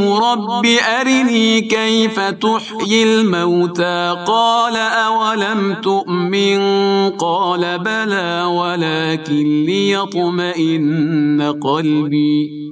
رب أرني كيف تحيي الموتى قال أولم تؤمن قال بلى ولكن ليطمئن قلبي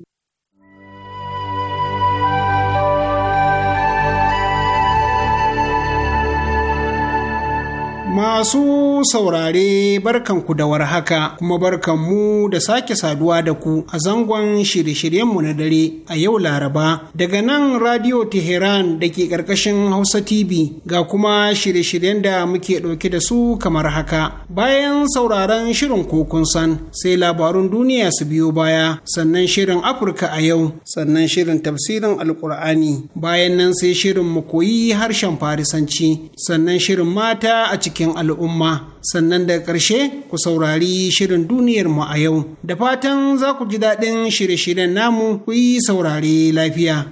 Masu saurare barkanku da warhaka kuma barkanmu da sake saduwa da ku a zangon shirye-shiryenmu na dare a yau Laraba daga nan Radio Teheran da ke ƙarƙashin Hausa TV ga kuma shirye-shiryen da muke ɗauke da su kamar haka. Bayan sauraron shirin kokun san sai labarun duniya su biyo baya sannan shirin Afirka a yau sannan shirin tafsirin Alƙur'ani bayan nan sai shirin mu koyi harshen Farisanci sannan shirin mata a cikin cikin al'umma sannan daga ƙarshe ku saurari shirin duniyar mu a yau da fatan za ku ji daɗin shirye-shiryen namu ku yi saurare lafiya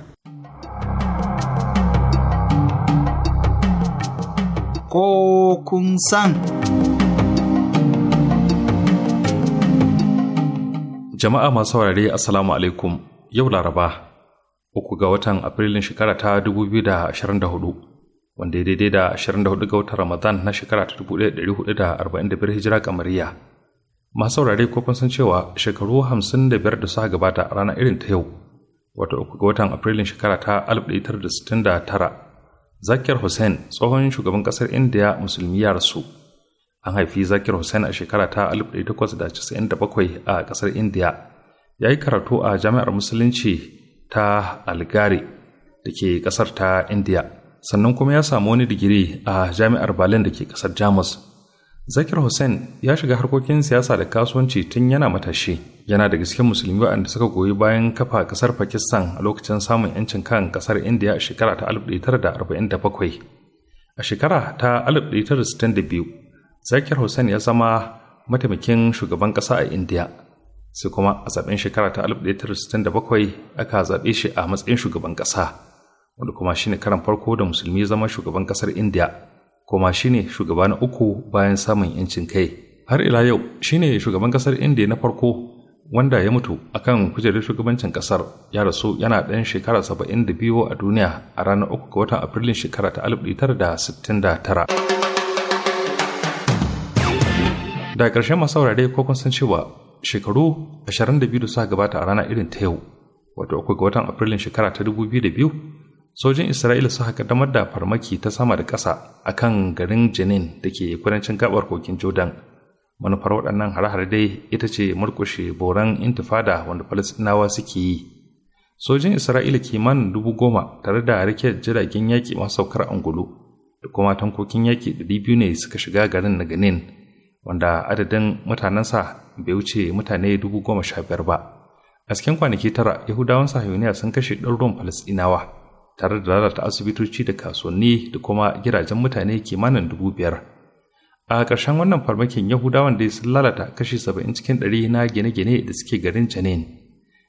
ko kun san jama'a masu saurare assalamu alaikum yau laraba uku ga watan afrilun shekara ta hudu. wanda ya daidai da 24 ga watan Ramadan na shekara ta 1441 hijira kamariya. Masu saurare ko kun san cewa shekaru 55 da suka gabata a ranar irin ta yau, wato uku ga watan Afrilun shekara ta 1969, Zakir Hussain tsohon shugaban kasar Indiya musulmi ya rasu. An haifi Zakir Hussain a shekara ta 1897 a kasar Indiya. Ya yi karatu a jami'ar musulunci ta Algari da ke kasar ta Indiya. sannan kuma ya samu wani digiri a jami'ar Berlin da ke kasar Jamus. Zakir Hussein ya shiga harkokin siyasa da kasuwanci tun yana matashi. Yana da gaske musulmi waɗanda suka goyi bayan kafa kasar Pakistan a lokacin samun 'yancin kan kasar India a shekara ta 1947. A shekara ta 1962, Zakir Hussein ya zama mataimakin shugaban ƙasa a India. Sai kuma a zaben shekara ta 1967 aka zaɓe shi a matsayin shugaban ƙasa. wanda kuma shine karan farko da musulmi zama shugaban kasar india kuma shine shugaba na uku bayan samun yancin kai har ila yau shine shugaban kasar india na farko wanda ya mutu akan kujerar shugabancin kasar ya rasu yana ɗan shekara 72 a duniya a ranar 3 ga watan afrilun shekara ta 1969 da ƙarshen masu saurare ko kun san cewa shekaru 22 da suka gabata a rana irin ta yau wato 3 ga watan afrilun shekara ta 2002 sojin isra'ila suka kaddamar da farmaki ta sama da ƙasa a kan garin jenin da ke kudancin gabar kokin jordan manufar waɗannan hare-hare dai ita ce murkushe boran intifada wanda falasɗinawa suke yi sojin isra'ila kimanin dubu goma tare da rikiyar jiragen yaƙi masu saukar angulu da kuma tankokin yaƙi ɗari biyu ne suka shiga garin na ganin wanda adadin mutanensa bai wuce mutane dubu goma sha biyar ba a cikin kwanaki tara yahudawan sahiyoniya sun kashe ɗaruruwan falasɗinawa tare da lalata asibitoci da kasuwanni da kuma gidajen mutane kimanin dubu biyar a ƙarshen wannan farmakin yahudawan ya sun lalata kashi saba'in cikin ɗari na gine-gine da suke garin canin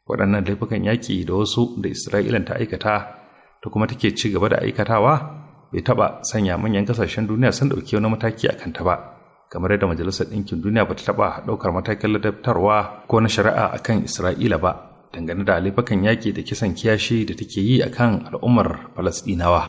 waɗannan laifukan yaƙi da wasu da isra'ilan ta aikata ta kuma take ci gaba da aikatawa bai taɓa sanya manyan ƙasashen duniya sun ɗauki wani mataki a kanta ba kamar yadda majalisar ɗinkin duniya ba ta taɓa ɗaukar matakin ladabtarwa ko na shari'a akan isra'ila ba dangane da laifukan yaƙi da kisan kiyashi da take yi akan al'ummar falasɗinawa.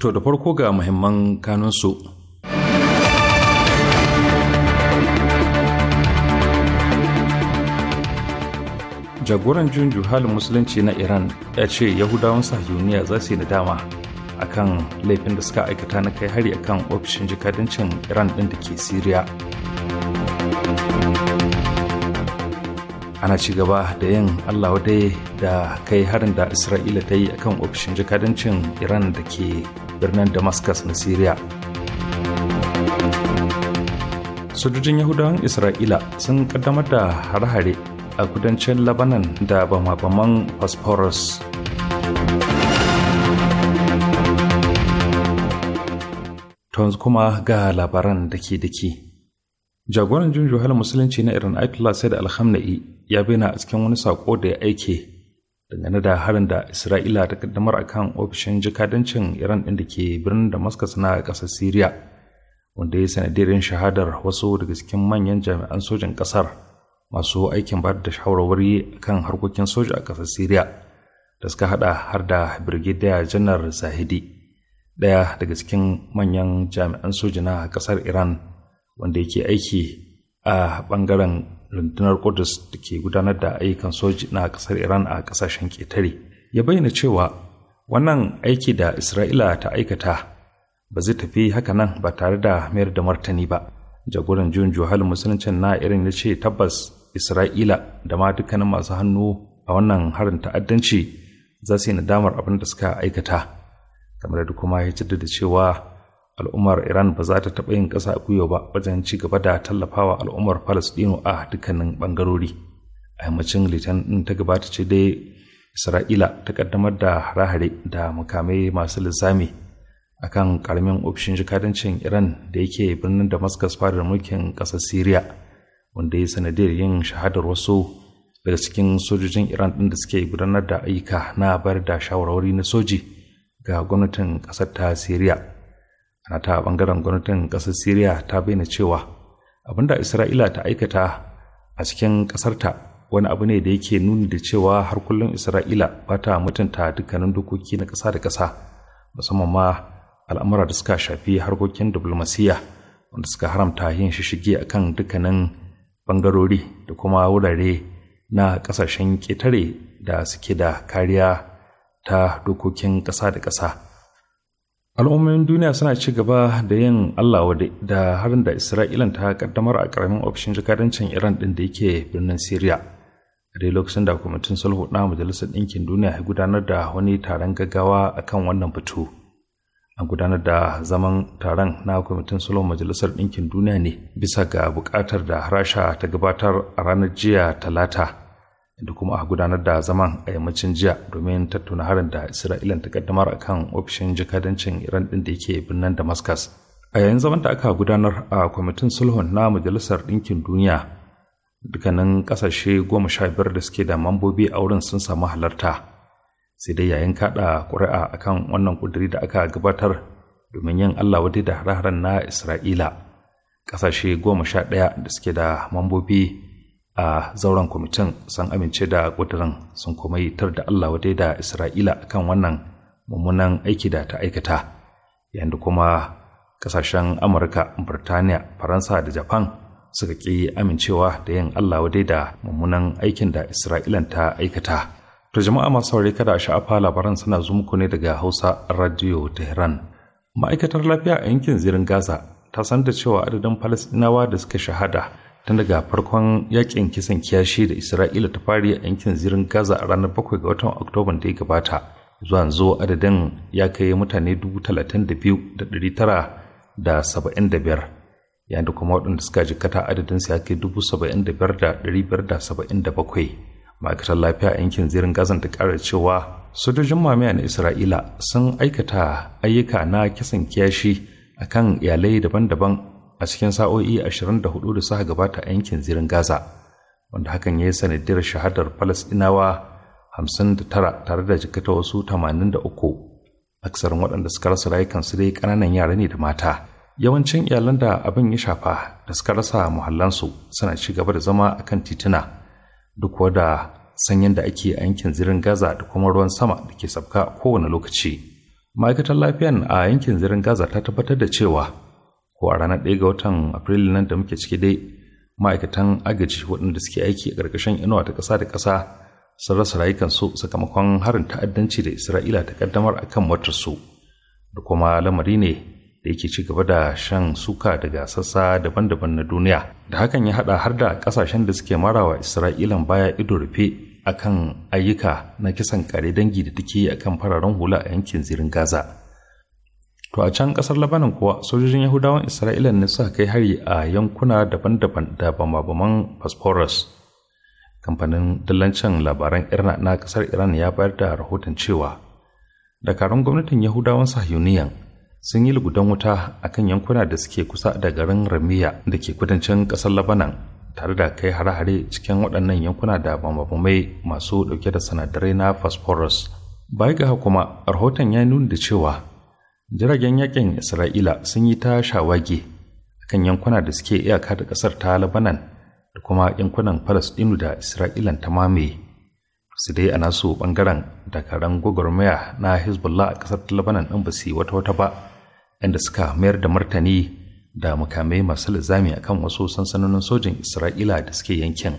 To da farko ga muhimman kanunsu. Jagoran jun halin musulunci na Iran ya ce Yahudawan sahiyuniya za su yi nadama kan laifin da suka aikata na kai hari a kan ofishin jikadancin Iran ɗin da ke Siriya. ana ci gaba da yin allah wadai da kai harin da isra'ila ta yi a kan ofishin jikadancin iran da ke birnin damascus na syria sojojin yahudawan isra'ila sun kaddamar da hare-hare a kudancin labanan da bama-baman phosphorus yanzu kuma ga labaran da ke dake jagoran junju musulunci na iran ayatollah da alhamna'i ya bayyana a cikin wani sako da ya aike dangane da harin da isra'ila ta kaddamar a kan ofishin jikadancin iran ɗin da ke birnin damascus na ƙasar syria wanda ya sanadirin shahadar wasu daga cikin manyan jami'an sojin ƙasar masu aikin ba da shawarwari kan harkokin soja a ƙasar syria da suka hada har da birgidiya janar zahidi ɗaya daga cikin manyan jami'an soja na ƙasar iran wanda yake aiki a ɓangaren rundunar Kudus da ke gudanar da ayyukan soji na ƙasar Iran a ƙasashen ƙetare. Ya bayyana cewa wannan aiki da Isra'ila ta aikata ba zai tafi hakanan ba tare da mayar da martani ba. Jagoran Jun juhal musuluncin na Iran ya ce tabbas Isra'ila da ma dukkanin masu hannu a wannan harin ta'addanci za su yi nadamar abin da suka aikata. Kamar da kuma ya jaddada cewa al'ummar iran ba za ta taɓa yin ƙasa gwiwa ba wajen ci gaba da tallafawa al'ummar palestino a dukkanin ɓangarori a yammacin litan ɗin ta gabata ce dai isra'ila ta ƙaddamar da hare-hare da mukamai masu linzami a kan ƙaramin ofishin jikadancin iran da yake birnin damascus fadar mulkin ƙasar syria wanda ya sanadiyar yin shahadar wasu daga cikin sojojin iran ɗin da suke gudanar da ayyuka na bayar da shawarwari na soji ga gwamnatin ƙasar ta syria ana ta bangaren gwamnatin ƙasar syria ta bayyana cewa da isra'ila ta aikata a cikin ƙasarta wani abu ne da yake nuni da cewa har kullum isra'ila ba ta mutunta dukkanin dokoki na ƙasa da ƙasa musamman ma al'amura da suka shafi harkokin diplomasiya wanda suka haramta yin shishige a kan dukkanin bangarori da kuma wurare na ƙasashen ƙetare da suke da kariya ta dokokin ƙasa da ƙasa. al'ummomin duniya suna ci gaba da yin allah wade da harin da Isra'ila ta kaddamar a karamin ofishin jikadancin iran din da yake birnin syria a dai lokacin da kwamitin sulhu na majalisar ɗinkin duniya ya gudanar da wani taron gaggawa akan wannan batu an gudanar da zaman taron na kwamitin sulhu majalisar ɗinkin duniya ne bisa ga buƙatar da rasha ta gabatar a ranar jiya talata da kuma a gudanar da zaman a yammacin jiya domin tattauna harin da isra'ila ta kaddamar a kan ofishin jikadancin iran din da yake birnin damascus a yayin zaman da aka gudanar a kwamitin sulhun na majalisar ɗinkin duniya dukkanin ƙasashe goma sha biyar da suke da mambobi a wurin sun samu halarta sai dai yayin kaɗa ƙuri'a a kan wannan ƙuduri da aka gabatar domin yin allah wadai da hare na isra'ila ƙasashe goma sha ɗaya da suke da mambobi a zauren kwamitin sun amince da ƙudurin sun kuma yi tar da Allah wadai da Isra'ila kan wannan mummunan aiki da ta aikata yadda kuma ƙasashen Amurka, Burtaniya, Faransa da Japan suka ƙi amincewa da yin Allah wadai da mummunan aikin da Isra'ila ta aikata. To jama'a masu saurari kada sha'afa labaran suna zumuku ne daga Hausa Radio Tehran. Ma'aikatar lafiya a yankin zirin Gaza ta san da cewa adadin Falasɗinawa da suka shahada tun daga farkon yakin kisan kiyashi da isra'ila ta fari a yankin zirin gaza a ranar 7 ga watan oktoban da ya gabata zuwa zo adadin ya kai mutane 32,975 yayin da kuma waɗanda suka jikata su ya kai 75,577 ma'aikatar lafiya a yankin zirin gazan ta ƙara cewa sojojin mamaya na isra'ila sun aikata ayyuka na kisan kiyashi akan iyalai daban-daban a cikin sa'o'i 24 da suka gabata a yankin zirin Gaza, wanda hakan ya yi sanadiyar shahadar Falasɗinawa 59 tare da jikata wasu tamanin 83. Aksarin waɗanda suka rasa rayukansu dai ƙananan yara ne da mata. Yawancin iyalan da abin ya shafa da suka rasa muhallansu suna ci gaba da zama a kan tituna, duk da sanyin da ake a yankin zirin Gaza da kuma ruwan sama da ke sabka kowane lokaci. Ma'aikatar lafiyan a yankin zirin Gaza ta tabbatar da cewa ko a ranar ɗaya ga watan Afrilu nan da muke ciki dai ma'aikatan agaji waɗanda suke aiki a ƙarƙashin inuwa ta ƙasa da ƙasa sun rasa rayukansu sakamakon harin ta'addanci da Isra'ila ta ƙaddamar a kan motarsu da kuma lamari ne da yake ci gaba da shan suka daga sassa daban-daban na duniya da hakan ya haɗa har da ƙasashen da suke marawa Isra'ilan baya ido rufe akan ayyuka na kisan kare dangi da take yi akan fararen hula a yankin zirin Gaza. To a can ƙasar Labanin kuwa sojojin Yahudawan Isra'ila ne suka kai hari a yankuna daban-daban da bamabaman baman Kamfanin dillancin labaran Irna na ƙasar Iran ya bayar da rahoton cewa dakarun gwamnatin Yahudawan sahuniyan sun yi lugudan wuta a kan yankuna da suke kusa da garin Ramiya da ke kudancin ƙasar Labanan tare da kai hare-hare cikin waɗannan yankuna da bamabamai masu ɗauke da sanadarai na Phosphorus. Bai ga kuma rahoton ya nuna da cewa jiragen yakin isra'ila sun yi ta shawage kan yankuna da suke iyaka da ƙasar ta labanan da kuma yankunan falasɗinu da isra'ilan ta mamaye su dai a nasu ɓangaren dakaran gwagwarmaya na hezbollah a ƙasar ta labanan ɗin ba su yi wata wata ba inda suka mayar da martani da mukamai masu lizami a kan wasu sansanonin sojin isra'ila da suke yankin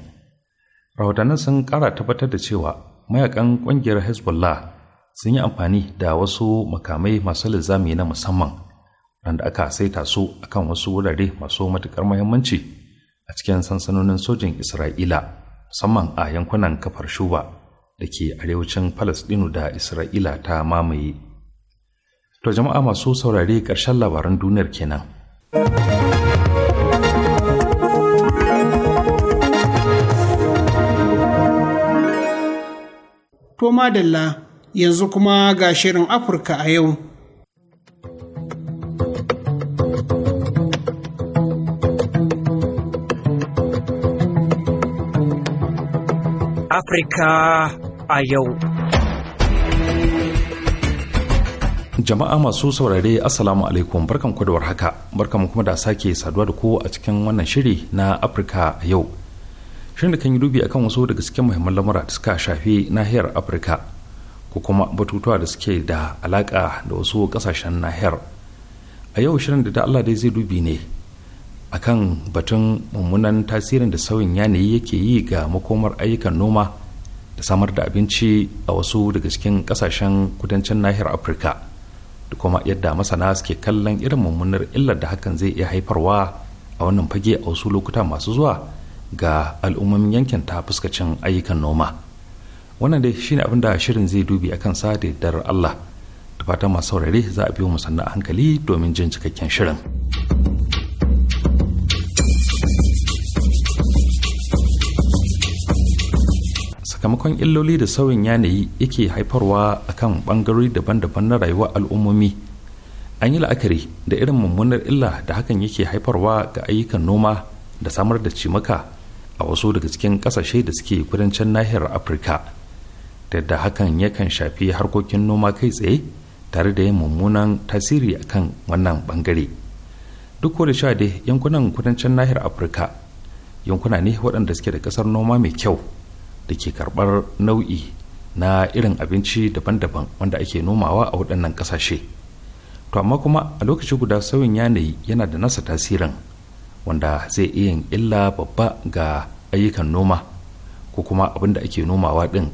rahotannin sun ƙara tabbatar da cewa mayakan ƙungiyar hezbollah sun yi amfani da wasu makamai masu lizami na musamman wanda aka saita su akan wasu wurare masu matuƙar muhimmanci a cikin sansanonin sojin Isra'ila musamman a yankunan kafar Shuba da ke arewacin Falasɗinu da Isra'ila ta mamaye. To jama'a masu saurare ƙarshen labaran duniyar kenan. To madalla yanzu kuma ga shirin Afirka a yau. Afirka a yau. Jama'a masu saurare Assalamu alaikum barkan da haka. barkan kuma da sake saduwa da ku a cikin wannan shiri na Afirka a yau. Shin da kan yi dubi akan wasu daga cikin muhimman lamura da suka shafi nahiyar Afirka. ko kuma batutuwa da suke da alaƙa da wasu ƙasashen nahiyar a yau shirin da Allah dai zai dubi ne a kan batun mummunan tasirin da sauyin yanayi yake yi ga makomar ayyukan noma da samar da abinci a wasu daga cikin ƙasashen kudancin nahiyar afirka da kuma yadda masana suke kallon irin mummunar illar da hakan zai iya haifarwa a wannan fage a wasu lokuta masu zuwa ga al'ummomin yankin ta fuskacin ayyukan noma. wannan dai shine abin da shirin zai dubi a sa da yardar allah da fatan masu saurare za a biyo mu sannan hankali domin jin cikakken shirin. sakamakon illoli da sauyin yanayi yake haifarwa a kan bangarori daban-daban na rayuwar al'ummomi an yi la'akari da irin mummunar illa da hakan yake haifarwa ga ayyukan noma da samar da cimaka a wasu daga cikin kasashe da suke kudancin nahiyar afirka da da hakan yakan shafi harkokin noma kai tsaye tare da yin mummunan tasiri a kan wannan bangare duk da sha dai yankunan kudancin nahiyar afirka yankuna ne waɗanda suke da ƙasar noma mai kyau da ke karɓar nau'i na irin abinci daban-daban wanda ake nomawa a waɗannan ƙasashe to amma kuma a lokaci guda sauyin yanayi yana da nasa tasirin wanda zai iya yin illa babba ga ayyukan noma ko kuma abin da ake nomawa ɗin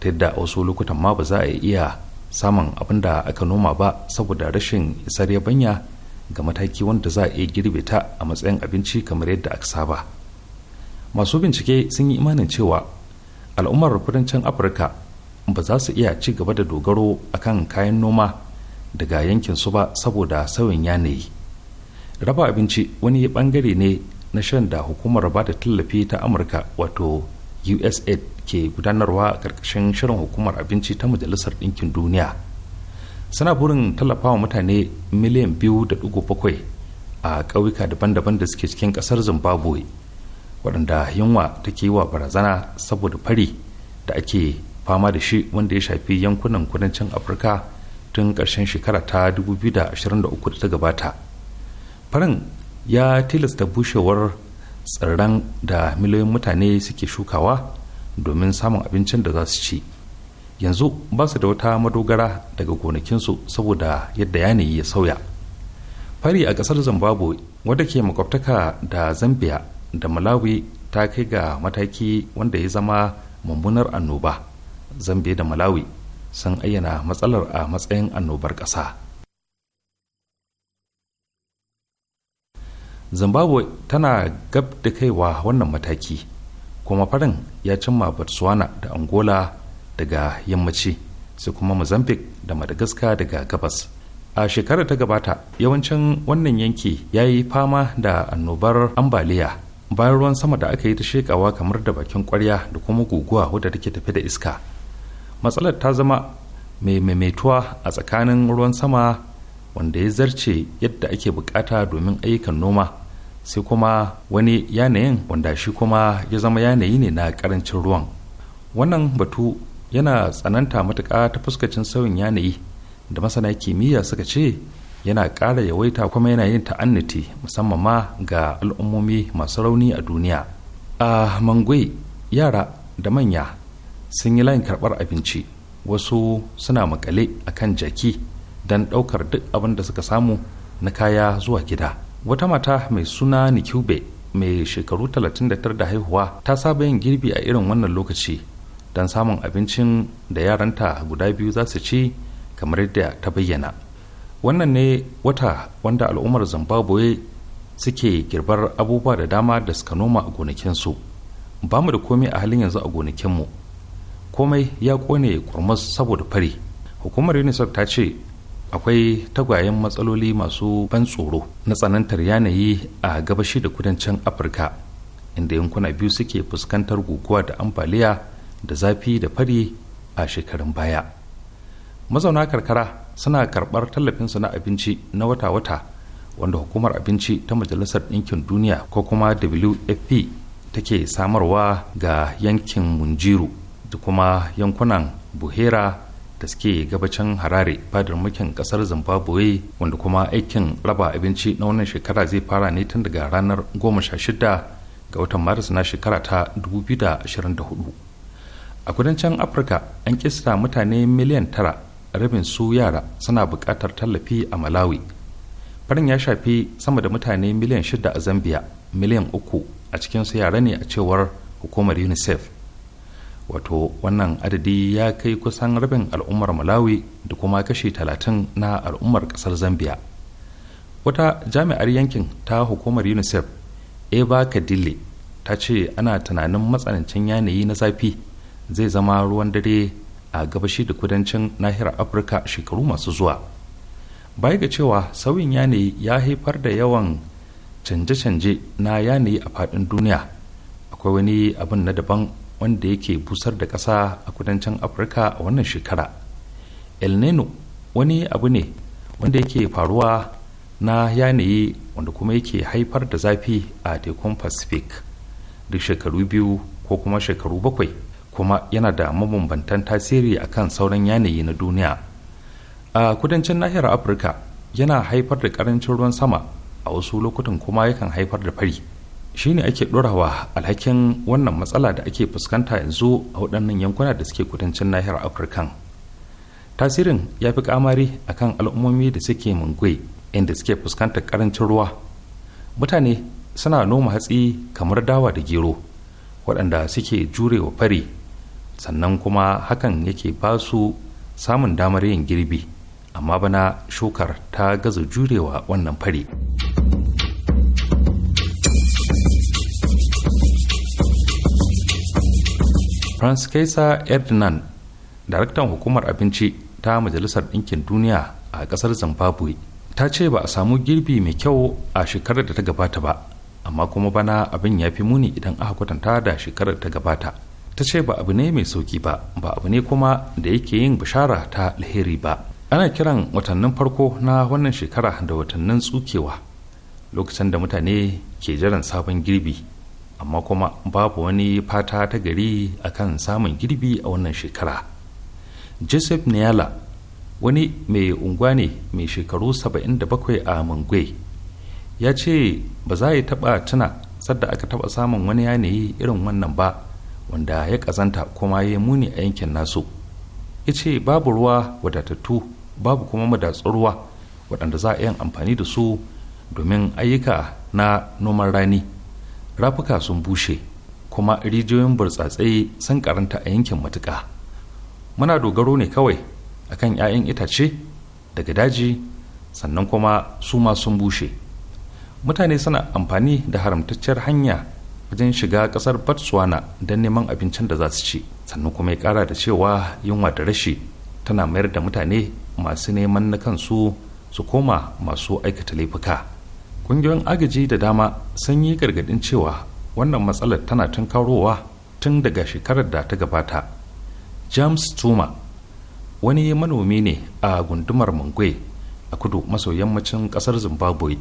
ta yadda a wasu lokutan ma ba za a iya samun abin da aka noma ba saboda rashin isar yabanya ga mataki wanda za a iya girbe ta a matsayin abinci kamar yadda aka saba masu bincike sun yi imanin cewa al'ummar kudancin afirka ba za su iya ci gaba da dogaro akan kayan noma daga yankin su ba saboda sauyin yanayi raba abinci wani bangare ne na shan da hukumar ba da tallafi ta amurka wato usaid ke gudanarwa a ƙarƙashin shirin hukumar abinci ta majalisar ɗinkin duniya suna burin tallafa wa mutane miliyan biyu da dugu bakwai a ƙauyuka daban-daban da suke cikin ƙasar zimbabwe waɗanda yunwa take yi wa barazana saboda fari da ake fama da shi wanda ya shafi yankunan kudancin afirka tun ƙarshen shekara ta 2023 da ta gabata farin ya tilasta bushewar tsirran da miliyoyin mutane suke shukawa domin samun abincin da za su ci yanzu ba su da wata madogara daga gonakinsu saboda yadda yanayi ya sauya fari a ƙasar zimbabwe wadda ke makwabtaka da zambia da malawi ta kai ga mataki wanda ya zama mummunar annoba zambia da malawi sun ayyana matsalar a matsayin annobar ƙasa. zimbabwe tana gab da kaiwa wannan mataki kuma farin ya cimma botswana da angola daga yammaci sai kuma mozambique da madagascar daga gabas a shekarar ta gabata yawancin wannan yanki ya yi fama da annobar ambaliya bayan ruwan sama da aka yi ta shekawa kamar da bakin kwarya da kuma guguwa wadda take tafi da iska matsalar ta zama mai maimaituwa a tsakanin ruwan sama wanda ya zarce yadda ake bukata domin ayyukan noma sai kuma wani yanayin wanda shi kuma ya zama yanayi ne na karancin ruwan wannan batu yana tsananta matuƙa ta fuskacin sauyin yanayi da masana kimiyya suka ce yana ƙara yawaita kuma yana yin ta'annati musamman ma ga al'ummomi masu rauni a duniya a mangwai yara da manya sun yi layin karɓar abinci wasu suna makale a kan jaki don ɗaukar duk abin da suka samu na kaya zuwa gida wata mata mai suna nikube mai shekaru 39 da haihuwa ta saba yin girbi a irin wannan lokaci don samun abincin da yaranta guda biyu za su ci kamar yadda ta bayyana wannan ne wata wanda al'ummar zimbabwe suke girbar abubuwa da dama da suka noma a gonakinsu ba mu da komai a halin yanzu a gonakinmu komai ya kone kurmus saboda fari hukumar unicef ta ce akwai tagwayen matsaloli masu ban tsoro na tsanantar yanayi a gabashi da kudancin afirka inda yankuna biyu suke fuskantar guguwa da ambaliya da zafi da fari a shekarun baya mazauna karkara suna karɓar tallafinsu na abinci na wata-wata wanda hukumar abinci ta majalisar ɗinkin duniya ko kuma wfp take samarwa ga yankin munjiru da kuma yankunan buhera da suke gabacin harare fadar mulkin kasar zimbabwe wanda kuma aikin raba abinci na wannan shekara zai fara ne tun daga ranar 16 ga watan maris na shekara ta 2024 a kudancin afirka an kista mutane miliyan tara rabin su yara suna bukatar tallafi a malawi farin ya shafi sama da mutane miliyan shida a zambia miliyan uku a cikin su yara ne a cewar hukumar unicef wato wannan adadi ya kai kusan rabin al'ummar malawi da kuma kashi talatin na al'ummar kasar zambia wata jami'ar yankin ta hukumar unicef eva kadile ta ce ana tunanin matsanancin yanayi na zafi zai zama ruwan dare a gabashi da kudancin nahiyar afirka shekaru masu zuwa baya ga cewa sauyin yanayi ya haifar da yawan canje-canje na yanayi a faɗin duniya akwai wani abin na daban wanda yake busar da ƙasa a kudancin afirka a wannan shekara el nino wani abu ne wanda yake faruwa na yanayi wanda kuma yake haifar da zafi a tekun pacific duk shekaru biyu ko kuma shekaru bakwai kuma yana da mabambantan tasiri a kan sauran yanayi na duniya a kudancin nahiyar afirka yana haifar da ƙarancin ruwan sama a wasu lokutan kuma yakan haifar da fari shine ake ɗorawa alhakin wannan matsala da ake fuskanta yanzu a waɗannan yankuna da suke kudancin nahiyar afirkan tasirin ya fi kamari a kan al'ummomi da suke mungwe inda suke fuskantar ƙarancin ruwa mutane suna noma hatsi kamar dawa da gero waɗanda suke jurewa fari sannan kuma hakan yake ba su samun damar yin girbi amma bana shukar ta gaza jurewa wannan fari. Francisca Ferdinand, daraktan hukumar abinci ta Majalisar Ɗinkin Duniya a ƙasar Zimbabwe, ta ce ba a samu girbi mai kyau a shekarar da ta gabata ba, amma kuma bana abin ya fi muni idan aka kwatanta da shekarar da ta gabata. Ta ce ba abu ne mai sauki ba, ba abu ne kuma da yake yin bishara ta alheri ba. Ana kiran watannin farko na wannan shekara da watannin tsukewa, lokacin da mutane ke jiran sabon girbi. amma kuma babu wani fata ta gari a kan samun girbi a wannan shekara joseph niala wani mai unguwa ne mai shekaru 77 a mangwe ya ce ba za ya taba tuna sadda aka taba samun wani yanayi irin wannan ba wanda ya kazanta kuma ya muni a yankin nasu ya ce babu ruwa wadatattu babu kuma madatsar ruwa waɗanda za a yin amfani da su domin ayyuka na noman rani rafuka sun bushe kuma rijiyoyin burtsatse sun karanta a yankin matuƙa muna dogaro ne kawai akan 'ya'yan itace daga daji sannan kuma su ma sun bushe mutane suna amfani da haramtacciyar hanya wajen shiga ƙasar botswana don neman abincin da za su ci sannan kuma ya ƙara da cewa yunwa da rashi tana mayar da mutane masu neman na kansu su koma masu aikata laifuka. ƙungiyoyin agaji da dama sun yi gargadin cewa wannan matsalar tana tun karowa tun daga shekarar da ta gabata james tuma wani manomi ne a gundumar mangwe a kudu maso yammacin ƙasar zimbabwe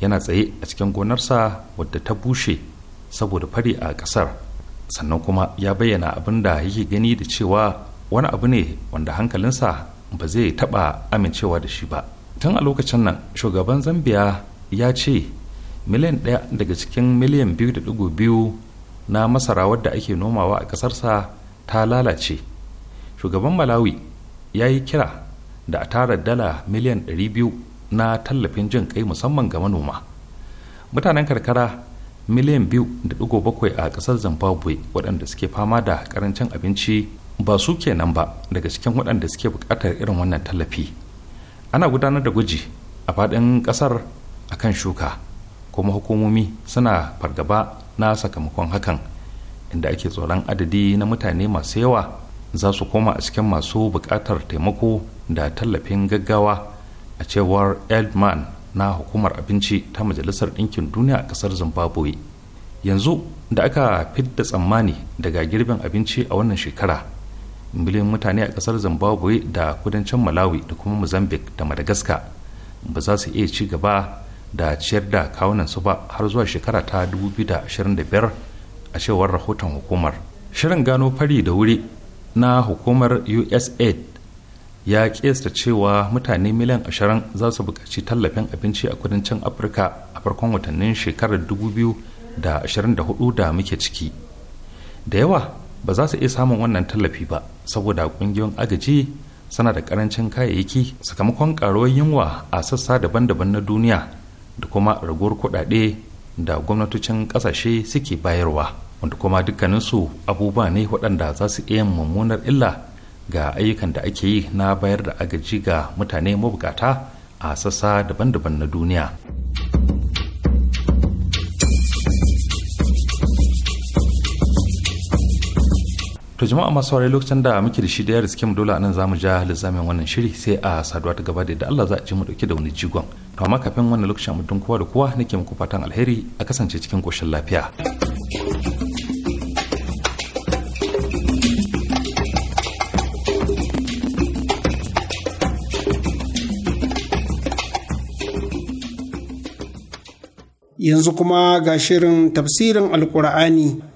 yana tsaye a cikin gonarsa wadda ta bushe saboda fari a ƙasar sannan kuma ya bayyana abin da yake gani da cewa wani abu ne wanda hankalinsa ba zai taɓa amincewa da shi ba tun a lokacin nan shugaban zambiya ya ce miliyan ɗaya daga cikin miliyan biyu da ɗigo biyu na masara wadda ake nomawa a ƙasarsa ta lalace shugaban malawi ya yi kira da a tara dala miliyan ɗari biyu na tallafin jin kai musamman ga manoma mutanen karkara miliyan biyu da bakwai a ƙasar zimbabwe waɗanda suke fama da karancin abinci ba su kenan ba daga cikin waɗanda suke buƙatar irin wannan tallafi ana gudanar da gwaji a faɗin ƙasar a kan shuka kuma hukumomi suna fargaba na sakamakon hakan inda ake tsoron adadi na mutane masu yawa za su koma a cikin masu buƙatar taimako da tallafin gaggawa a cewar eldman na hukumar abinci ta majalisar ɗinkin duniya a ƙasar zimbabwe yanzu da aka fidda tsammani daga girbin abinci a wannan shekara miliyan mutane a ƙasar zimbabwe da kudancin malawi da kuma mozambique da madagascar ba za su iya ci gaba da ciyar da kawunan su ba har zuwa shekara ta 2025 a cewar rahoton hukumar shirin gano fari da wuri na hukumar usaid ya kesta cewa mutane miliyan ashirin za su buƙaci tallafin abinci a kudancin afirka a farkon watannin shekarar 2024 da muke ciki da yawa ba za su iya samun wannan tallafi ba saboda ƙungiyoyin agaji sana da ƙarancin kayayyaki sakamakon ƙaruwar yunwa a sassa daban-daban na duniya da kuma raguwar kuɗaɗe da gwamnatocin ƙasashe suke bayarwa wanda kuma dukkaninsu abubuwa ne waɗanda za su iya mummunar illa ga ayyukan da ake yi na bayar da agaji ga mutane mabukata a sassa daban-daban na duniya. to jama'a masu saurari lokacin da muke da shi da yaris kim dole anan zamu ja lissamin wannan shiri sai a saduwa ta gaba da yadda Allah za a ji mu dauke da wani jigon to amma kafin wannan lokacin dun kowa da kowa nake muku fatan alheri a kasance cikin koshin lafiya yanzu kuma ga shirin tafsirin alkur'ani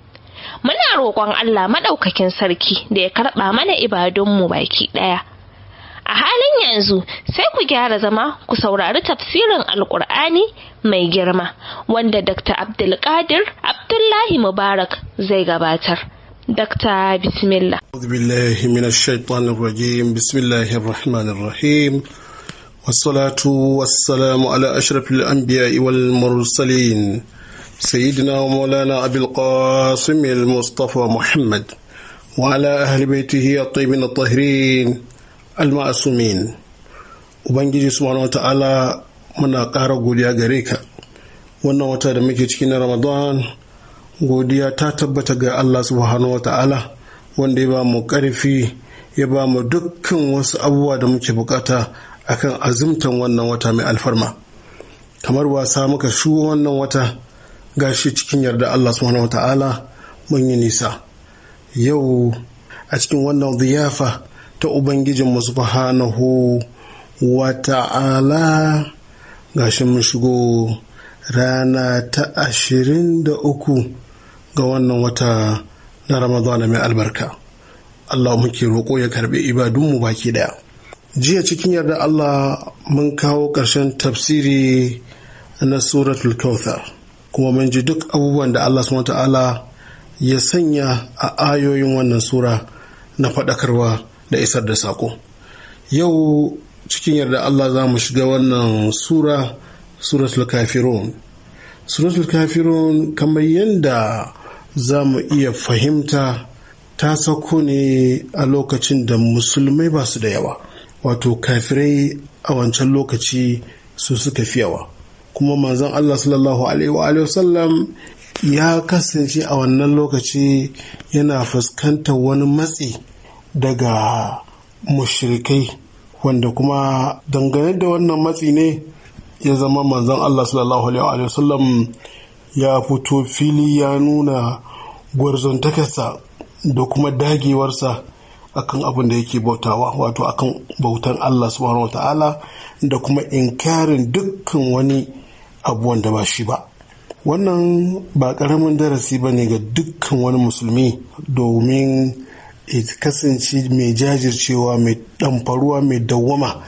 muna roƙon Allah maɗaukakin sarki da ya karɓa mana ibadunmu baki ɗaya. A halin yanzu sai ku gyara zama ku saurari tafsirin Alƙur'ani mai girma wanda Dr. Abdulkadir Abdullahi Mubarak zai gabatar. Dr. Bismillah. Bismillahi minash shaitanir rajim. Bismillahir rahmanir rahim. Wassalatu wassalamu ala ashrafil anbiya'i wal mursalin. سيدنا ومولانا أبي القاسم المصطفى محمد وعلى أهل بيته الطيبين الطاهرين المعصومين Ubangiji subhanahu wata'ala muna ƙara godiya gare ka wannan wata da muke ciki na Ramadan godiya ta tabbata ga Allah subhanahu wata'ala wanda ya ba mu ƙarfi ya ba mu dukkan wasu abubuwa da muke buƙata a kan azumta wannan wata mai alfarma kamar wasa muka shu wannan wata gashi cikin yarda Allah subhanahu wata'ala mun yi nisa yau a cikin wannan ziyafa ta ubangijinmu subhanahu wata'ala gashi mun shigo rana ta ashirin da uku ga wannan wata na ramadana mai albarka Allah muke roƙo ya karɓi ibadunmu baki ɗaya. jiya cikin yarda Allah mun kawo ƙarshen tafsiri na suratul kauthar kuma mun ji duk abubuwan da Allah subhanahu ta'ala ya sanya a ayoyin wannan sura na faɗakarwa da isar da saƙo yau cikin yarda Allah za mu shiga wannan sura suratul kafirun suratul kafirun kamar yadda za mu iya fahimta ta sako ne a lokacin da musulmai ba su da yawa wato kafirai a wancan lokaci su suka fi yawa kuma manzon Allah sallallahu alaihi wasallam ya kasance a wannan lokaci yana fuskantar wani matsi daga mushrikai wanda kuma dangane da wannan matsi ne ya zama manzon Allah sallallahu alaihi sallam ya fito fili ya nuna takasa. da kuma dagewarsa akan abin da yake bautawa wato akan bautan Allah subhanahu Ta'ala da kuma inkarin dukkan wani abubuwan da ba shi ba wannan ba ƙaramin darasi ba ne ga dukkan wani musulmi domin kasance mai jajircewa mai ɗamfaruwa mai dawwama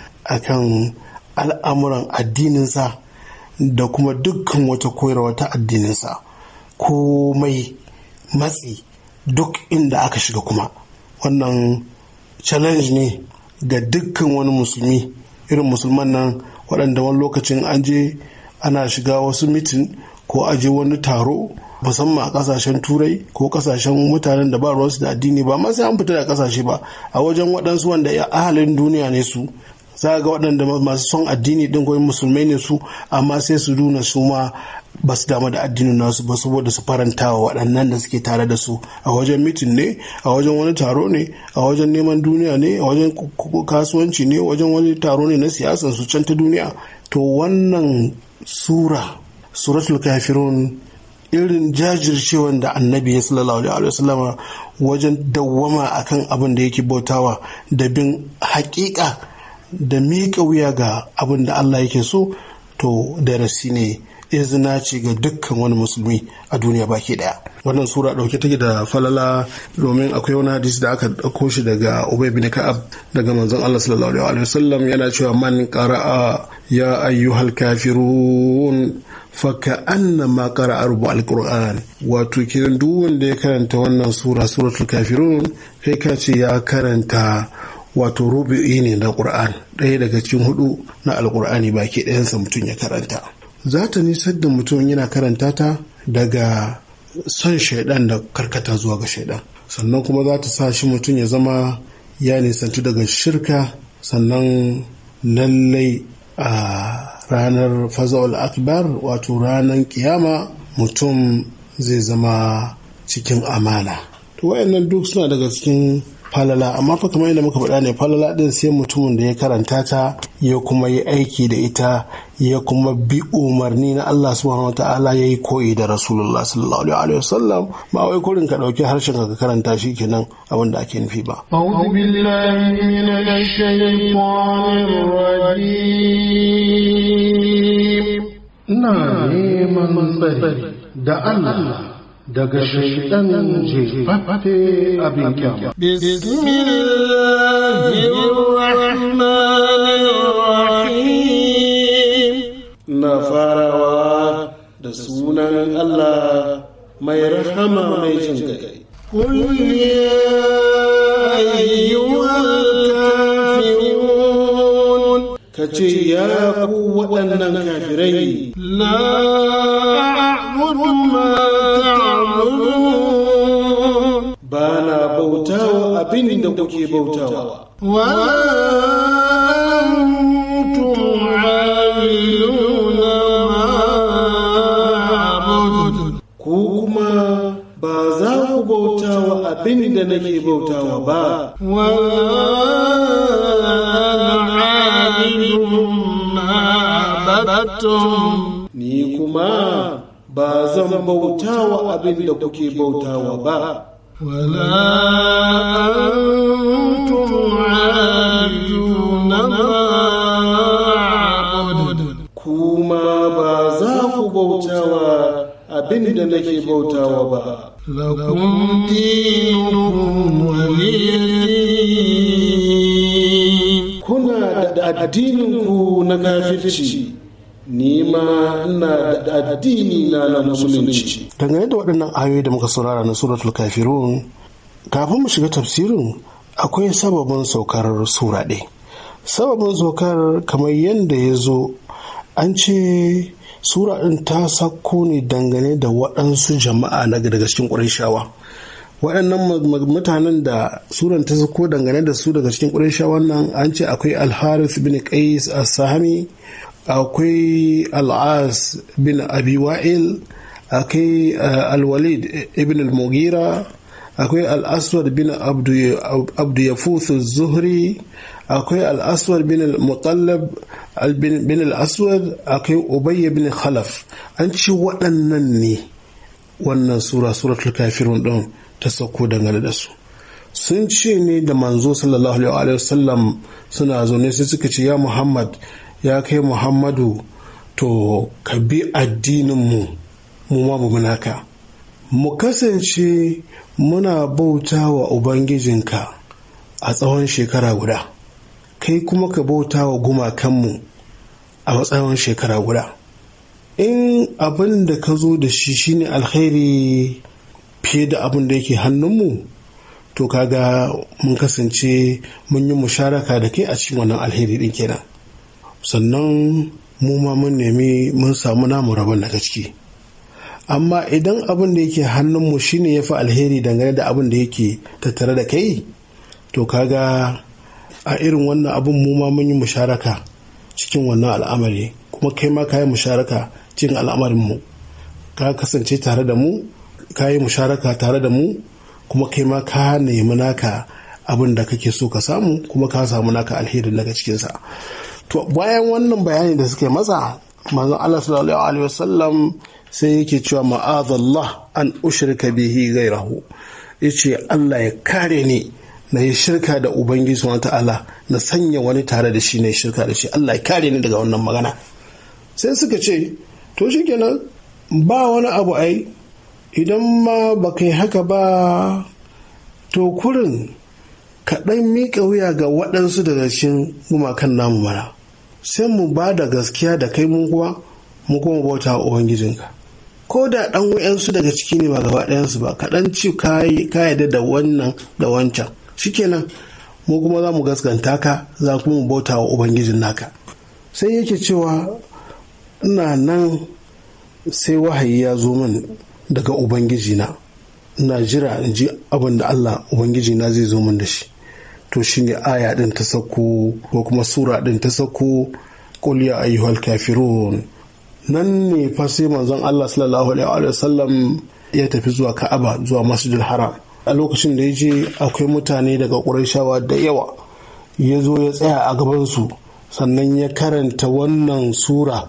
kan al'amuran addininsa da kuma dukkan wata koyarwa ta addininsa ko mai matsi duk inda aka shiga kuma wannan challenge ne ga dukkan wani musulmi irin musulman nan waɗanda wani lokacin an je ana shiga wasu mitin ko aje wani taro musamman a kasashen turai ko kasashen mutanen da ba ruwansu da addini ba ma sai an fita da kasashe ba a wajen waɗansu wanda ahalin duniya ne su za ga waɗanda masu son addini ɗin ko musulmai ne su amma sai su nuna su ma ba su damu da addinin nasu ba saboda su faranta wa waɗannan da suke tare da su a wajen mitin ne a wajen wani taro ne a wajen neman duniya ne a wajen kasuwanci ne wajen wani taro ne na siyasan su can ta duniya to wannan sura suratul kafirun irin jajircewan da annabi ya sallallahu alaihi wasallama wajen dawwama akan abin da yake bautawa da bin haƙiƙa da miƙa wuya ga abin da Allah yake so to darasi ne izina ce ga dukkan wani musulmi a duniya baki daya wannan sura dauke take da falala domin akwai wani hadisi da aka dauko shi daga ubay bin ka'ab daga manzon Allah sallallahu alaihi wasallam yana cewa man qara'a ya ayyuhal kafirun fa anna ma qara arbu wato kiran duk wanda ya karanta wannan sura suratul kafirun kai ka ce ya karanta wato rubu'i ne na qur'an ɗaya daga cikin hudu na alqur'ani baki sa mutum ya karanta za ta nisar da mutum yana karanta ta daga son shaidan da karkata zuwa ga shaidan sannan kuma za ta sa shi mutum ya zama ya nisantu daga shirka sannan lallai a ranar faza'ul akbar wato ranar kiyama mutum zai zama cikin amana to wayannan duk suna daga cikin falala amma fa kamar yadda muka faɗa ne falala ɗin sai mutumin da ya karanta ta ya kuma yi aiki da ita ya kuma bi umarni na Allah subhanahu wataala ya yi koyi da rasulullah sallallahu alaihi wasallam ba wai kurin ka ɗauki harshen ka karanta shi kenan abin da ake nufi ba. Ina neman tsari da Allah daga shaidan jefaffe abin kyama. Na farawa da sunan Allah mai rahama mai jin gai. Ka ce ya ku waɗannan kafirai. La abin da kuke bautawa. Ku kuma ba za ku bautawa abin da nake bautawa ba. Ni kuma ba zan bautawa abin da kuke bautawa ba. kake bautawa ba kuna da addininku na kafirci ni ma da addini na na musulunci dangane da waɗannan ayoyi da muka saurara na suratul kafirun kafin mu shiga tafsirin akwai sababin saukar sura ɗaya sababin saukar kamar yadda ya zo an ce sura ɗin ta sako ne dangane da waɗansu jama'a na daga cikin ƙurayshawa waɗannan mutanen da suran ta sako dangane da su daga cikin ƙurayshawan nan an ce akwai alharis bin qais a sahami akwai al'as bin Abiwa'il. akwai eh, alwalid ibn al-mughira akwai al'aswar bin abdu yafusu zuhri akwai al'aswar bin al bin al'aswar aswad akwai ubayya bin khalaf an ci waɗannan ne wannan sura sura kafirun ɗin ta sauko dangane da su sun ce ne da manzo sallallahu alaihi wasallam suna zaune sai suka ce ya muhammad ya kai muhammadu to ka bi addininmu mu ma mu naka mu kasance muna bauta wa ubangijinka a tsawon shekara guda kai kuma ka bauta wa gumakanmu a tsawon shekara guda in abin da ka zo da shi shine alkhairi fiye da abin da yake hannunmu to kaga mun kasance mun yi musharaka da kai a cikin wannan alheri din kenan sannan mu ma mun nemi mun samu namu rabon daga ciki amma idan abin da yake hannunmu shine ya fi alheri dangane da abin da yake tattare da kai to kaga a irin wannan abin mu ma mun yi musharaka cikin wannan al'amari kuma kai ma ka yi musharaka cikin al'amarinmu ka kasance tare da mu ka yi musharaka tare da mu kuma kai ma ka nemi naka abin da kake so ka samu kuma ka samu naka alherin daga cikinsa to bayan wannan bayani da suka masa manzon Allah sallallahu alaihi wasallam sai yake cewa ma'azallah an ushrika bihi gairahu yace Allah ya kare ni na yi shirka da ubangiji subhanahu ta'ala na sanya wani tare da shi na yi shirka da shi Allah ya kare ni daga wannan magana sai suka ce to shikenan ba wani abu ai idan ma ba kai haka ba to kurin kaɗan miƙa wuya ga waɗansu daga cikin gumakan namu mara. sai mu ba da gaskiya da kai mu kuwa mu kuma bauta wa ubangijinka ko da dan wayansu daga ciki ne ba gaba ɗayansu ba kaɗan ci yadda da wannan da wancan shikenan mu kuma za mu gaskanta ka za kuma mu bauta wa ubangijin naka sai yake cewa ina nan sai wahayi ya zo min daga ubangijina ina jira in ji abin da allah ubangijina zai zo min da shi to shine aya din ta sako ko kuma sura ɗin ta sako qul ya ayyuhal kafirun nan ne fa sai manzon Allah sallallahu alaihi wa sallam ya tafi zuwa Ka'aba zuwa Masjidil Haram a lokacin da ya je akwai mutane daga Qurayshawa da yawa ya zo ya tsaya a gaban su sannan ya karanta wannan sura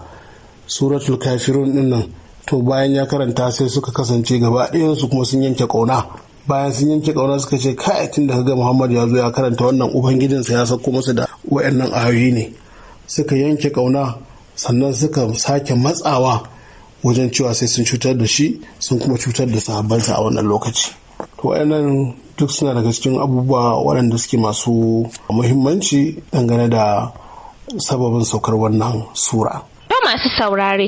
suratul kafirun din to bayan ya karanta sai suka kasance gaba ɗayansu kuma sun yanke ƙauna bayan sun yanke ƙauna suka ce kai tun da ga Muhammad ya zo ya karanta wannan ubangijinsa ya sauko masa da wayannan ayoyi ne suka yanke ƙauna sannan suka sake matsawa wajen cewa sai sun cutar da shi sun kuma cutar da sahabbansa a wannan lokaci to wayannan duk suna daga cikin abubuwa waɗanda suke masu muhimmanci dangane da sababin saukar wannan sura. To masu saurare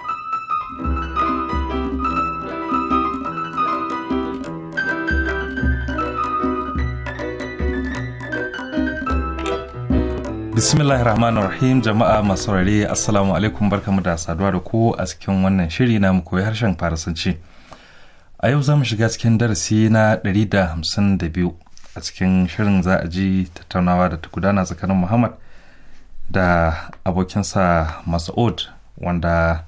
bismillahir rahmanir rahim jama'a masu saurare assalamu alaikum barkamu da saduwa da ku a cikin wannan shiri na mu koyi harshen farasanci a yau za mu shiga cikin darasi na 152 a cikin shirin za a ji tattaunawa da ta gudana tsakanin muhammad da abokinsa mas'ud wanda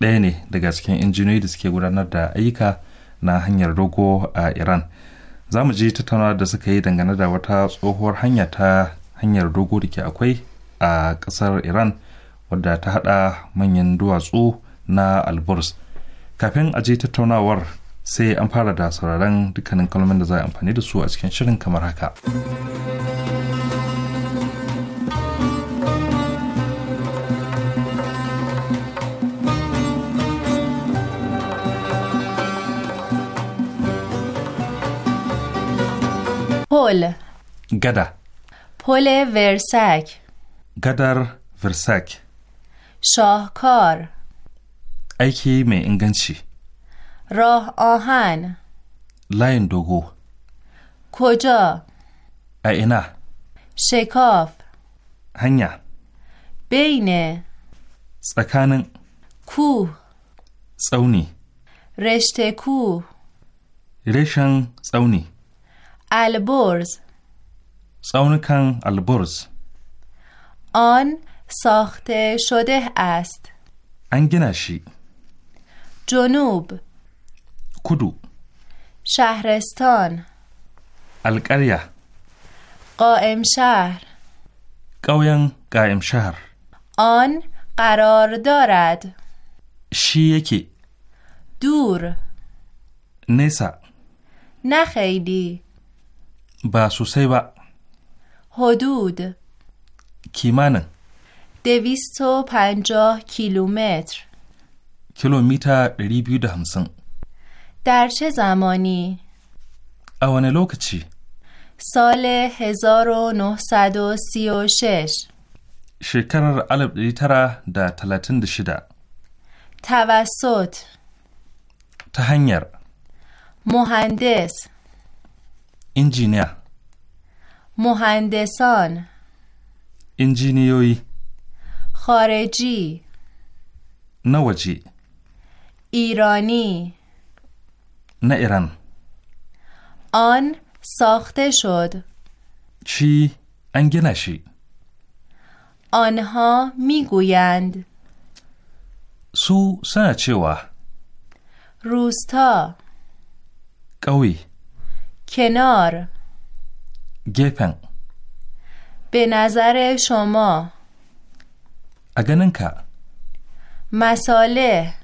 ɗaya ne daga cikin injiniyoyi da suke gudanar da ayyuka na hanyar dogo a iran za mu ji tattaunawa da suka yi dangane da wata tsohuwar hanya ta hanyar dogo da ke akwai a ƙasar iran wadda ta haɗa manyan duwatsu na alburs kafin a je tattaunawar sai an fara da sauraron dukkanin kalmomin da za a amfani da su a cikin shirin kamar haka. gada gada. پل ورسک گدر ورسک شاهکار ایکی می انگنچی راه آهن لاین دوگو کجا اینا شکاف هنیا بین سکانن کوه تsauni رشته کوه رشن تsauni البرز ساونکن البرز آن ساخته شده است انگنشی جنوب کدو شهرستان القریه قائم شهر قویان قائم شهر آن قرار دارد شیکی دور نسا نه خیلی با سوسی حدود کیمن دویست و پنجاه کیلومتر کیلومتر ریبیو ده همسن در چه زمانی؟ اوان چی؟ سال 1936 شکرر علب دیتره در تلاتن دشیده توسط تهنگر مهندس انجینیر مهندسان انجینیوی خارجی نوجی ایرانی نه ایران آن ساخته شد چی نشی؟ آنها میگویند سو سنا و روستا قوی کنار گپن به نظر شما اگننکا مساله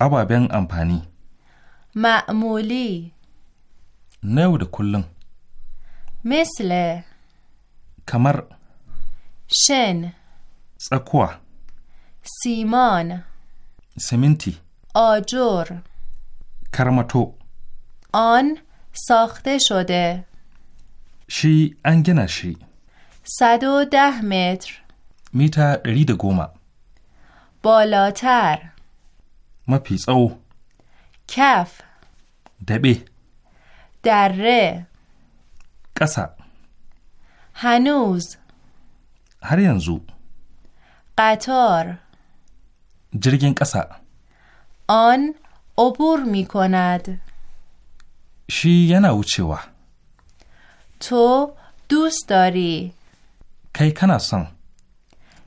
ابابن امپانی معمولی نو ده کلن مثل کمر شن سکوا سیمان سمنتی آجر کرمتو آن ساخته شده شی انگنه شی صد و ده متر میتا رید گوما بالاتر ما پیس او کف دبی دره کسا هنوز هر ینزو قطار جرگین کسا آن عبور می کند شی نوچه وح تو دوست داری کی کنا سن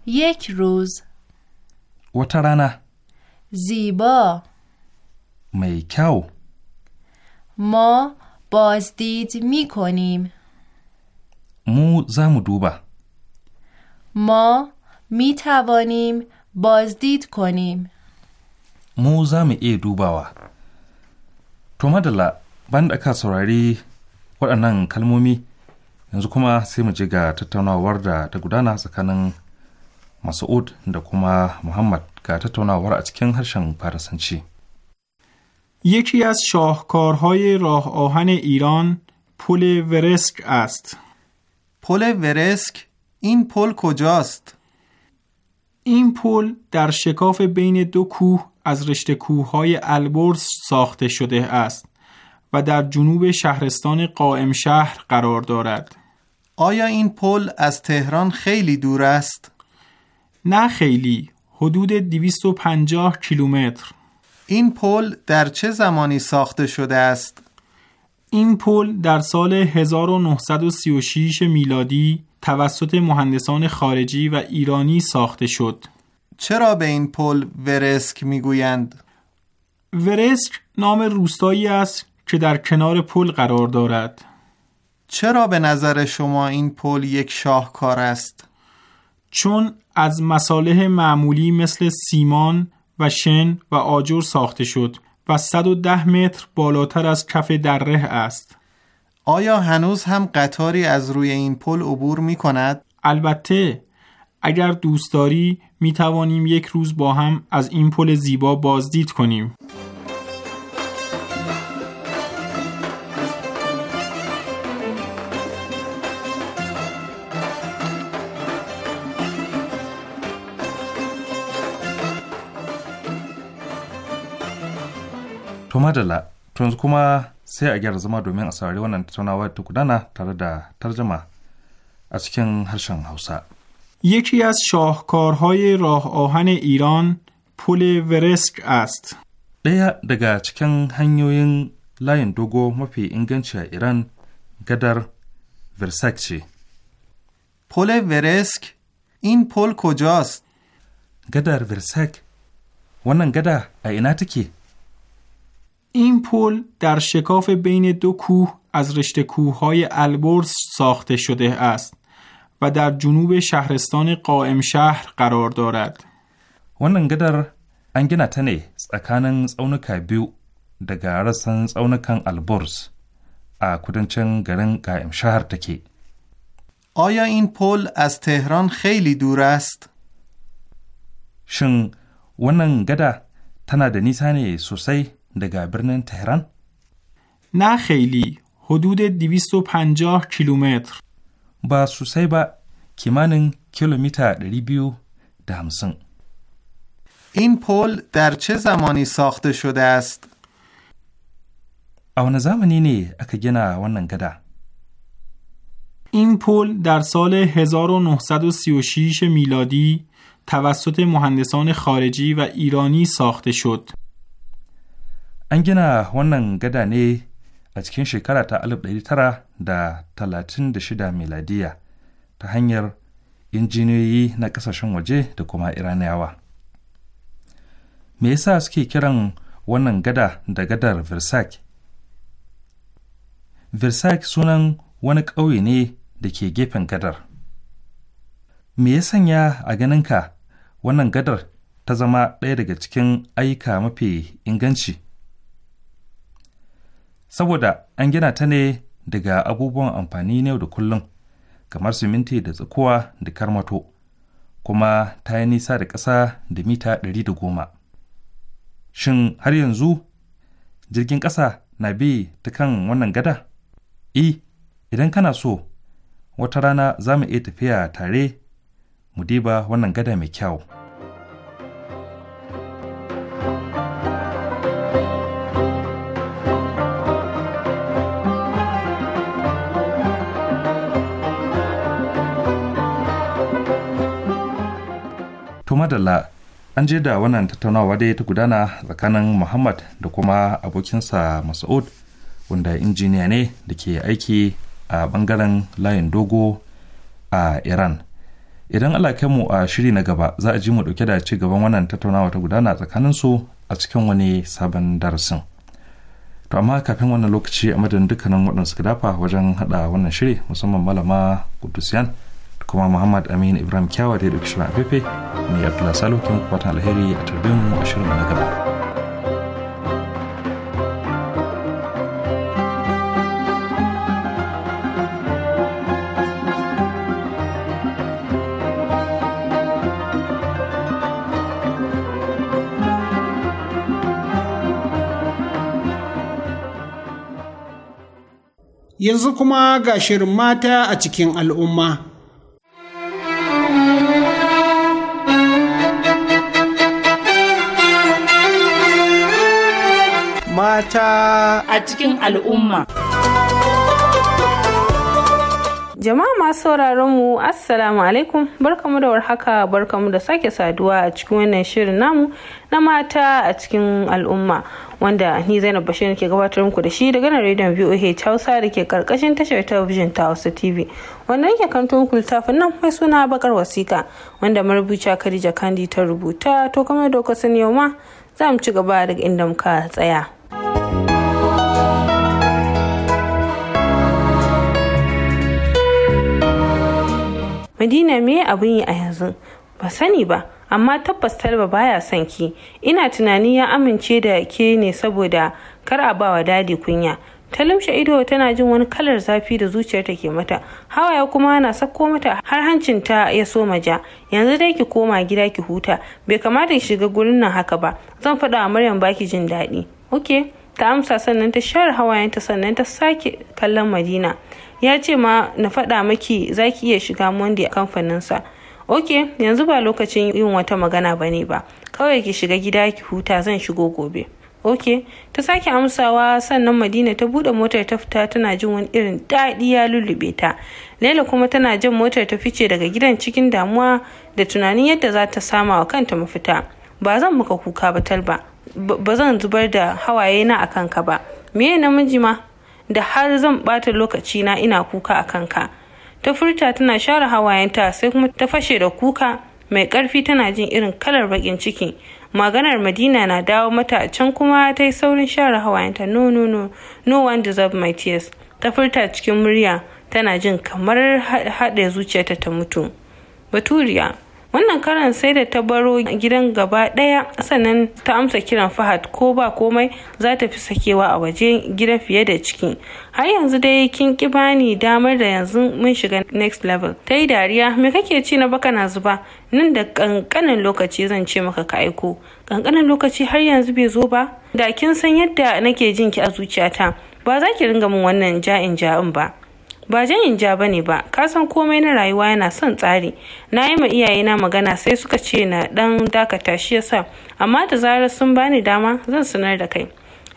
یک روز وترانا زیبا میکاو ما بازدید می کنیم مو زمو دوبا ما می توانیم بازدید کنیم مو زم ای دوباوا تو مدلا بند اکا سراری waɗannan kalmomi yanzu kuma sai mu je ga tattaunawar da ta gudana tsakanin masu'ud da kuma Muhammad ga tattaunawar a cikin harshen Farisanci. یکی از شاهکارهای راه آهن ایران پل ورسک است. پل ورسک این پل کجاست؟ این پل در شکاف بین دو کوه از رشته کوههای البرز ساخته شده است. و در جنوب شهرستان قائم شهر قرار دارد. آیا این پل از تهران خیلی دور است؟ نه خیلی، حدود 250 کیلومتر. این پل در چه زمانی ساخته شده است؟ این پل در سال 1936 میلادی توسط مهندسان خارجی و ایرانی ساخته شد. چرا به این پل ورسک میگویند؟ ورسک نام روستایی است که در کنار پل قرار دارد چرا به نظر شما این پل یک شاهکار است؟ چون از مصالح معمولی مثل سیمان و شن و آجر ساخته شد و 110 متر بالاتر از کف دره است. آیا هنوز هم قطاری از روی این پل عبور می کند؟ البته اگر دوست داری می توانیم یک روز با هم از این پل زیبا بازدید کنیم. madalla to yanzu kuma sai a gyara zama domin a saurari wannan tattaunawa ta gudana tare da tarjama a cikin harshen Hausa. یکی از شاهکارهای راه آهن ایران پل ɗaya daga cikin hanyoyin layin dogo mafi inganci a Iran gadar Versak ce. پل in این gadar Versak wannan gada a ina take? این پل در شکاف بین دو کوه از رشته کوههای البرز ساخته شده است و در جنوب شهرستان قائم شهر قرار دارد. اون انقدر انگینا تنه تکانن تاون که بیو دگارسان تاون کان البرز آکودنچن گرن قائم شهر تکی. آیا این پل از تهران خیلی دور است؟ شن ونن گدا تنادنی سانی سوسی دگای تهران تهران؟ نه خیلی حدود 250 کیلومتر سوسای با ba کیلومتر ریبیو 250 این پل در چه زمانی ساخته شده است؟ اون زمانی نه اکا گنا ونن این پل در سال 1936 میلادی توسط مهندسان خارجی و ایرانی ساخته شد. An gina wannan gada ne a cikin shekara ta 1936 miladiya ta hanyar injiniyoyi na ƙasashen waje da kuma Iraniyawa. Me yasa suke kiran wannan gada da gadar Versailles? Versailles sunan wani ƙauye ne da ke gefen gadar. Me ya sanya a ganinka wannan gadar ta zama ɗaya daga cikin aika mafi inganci? saboda an gina ta ne daga abubuwan amfani na yau da kullum kamar siminti da tsakuwa da karmato kuma ta yi nisa da ƙasa da mita ɗari da goma. shin har yanzu jirgin ƙasa na bi ta kan wannan gada i e, idan kana so wata rana za mu iya tafiya tare mu diba wannan gada mai kyau. madalla an je da wannan tattaunawa dai ta gudana tsakanin muhammad da kuma abokinsa mas'ud wanda injiniya ne da ke aiki a bangaren layin dogo a iran idan mu a shiri na gaba za a ji mu dauke da ci gaban wannan tattaunawa ta gudana tsakanin su a cikin wani sabon darasin to amma kafin wannan lokaci a madadin dukkanin waɗanda suka dafa wajen haɗa wannan shiri musamman malama kudusiyan kuma muhammad amin ibrahim kyawa da ya ɗauki shirin afefe ne ya fi ke muku alheri a tarbe mu a shirin na gaba. yanzu kuma ga shirin mata a cikin al'umma. ta a cikin al'umma. Jama'a masu sauraron mu Assalamu alaikum barkamu da warhaka barkamu da sake saduwa a cikin wannan shirin namu na mata a cikin al'umma wanda ni Zainab Bashir ke gabatar muku da shi daga na rediyon VOH Hausa da ke karkashin tashar talabijin ta Hausa TV wanda yake kanto muku littafin nan mai suna bakar wasika wanda marubuciya Khadija Kandi ta rubuta to kamar dokar sun yau ma za mu ci gaba daga inda muka tsaya. Madina me abin yi a yanzu? Ba sani ba, amma tabbas Talba baya son ki. Ina tunani ya amince da ke ne saboda kar a bawa dadi kunya. Ta lumshe ido tana jin wani kalar zafi da zuciyarta ke mata. Hawaya kuma na sako mata har hancinta ya so maja. Yanzu dai ki koma gida ki huta. Bai kamata ki shiga gurin nan haka ba. Zan faɗa wa Maryam baki jin daɗi. Okay. ta amsa sannan ta share hawayenta sannan ta sake kallon madina ya ce ma na faɗa maki za ki iya shiga monday a kamfaninsa ok yanzu ba lokacin yin wata magana ba ne ba kawai ki shiga gida ki huta zan shigo gobe ok ta sake amsawa sannan madina ta buɗe motar ta fita tana jin wani irin daɗi ya lullube ta laila kuma tana jin motar ta fice daga gidan cikin damuwa da tunanin yadda za ta sama wa kanta mafita ba zan muka kuka ba talba ba zan zubar da hawaye na a kanka ba meye namiji ma da har zan bata lokaci na ina kuka a kanka ta furta tana share hawayenta sai kuma ta fashe da kuka mai karfi tana jin irin kalar bakin ciki maganar madina na dawo mata a can kuma ta yi saurin share hawayenta no no no no one deserve my tears ta furta cikin murya tana jin kamar haɗe zuciyarta ta mutu baturiya wannan karan sai da ta baro gidan gaba daya sannan ta amsa kiran fahad ko ba komai za ta fi sakewa a waje gidan fiye da ciki har yanzu dai kin ki bani damar da yanzu mun shiga next level ta yi dariya me kake ci na baka na zuba nan da kankanin lokaci zan ce maka ka aiko kankanin lokaci har yanzu bai zo ba da kin san yadda nake jin ki a zuciyata ba za ki ringa min wannan ja'in ja'in ba ba jan jayin ja ne ba Ka san komai na rayuwa yana son tsari na yi ma iyayena magana sai suka ce na dan dakata shi yasa amma da zarar sun bani dama zan sanar da kai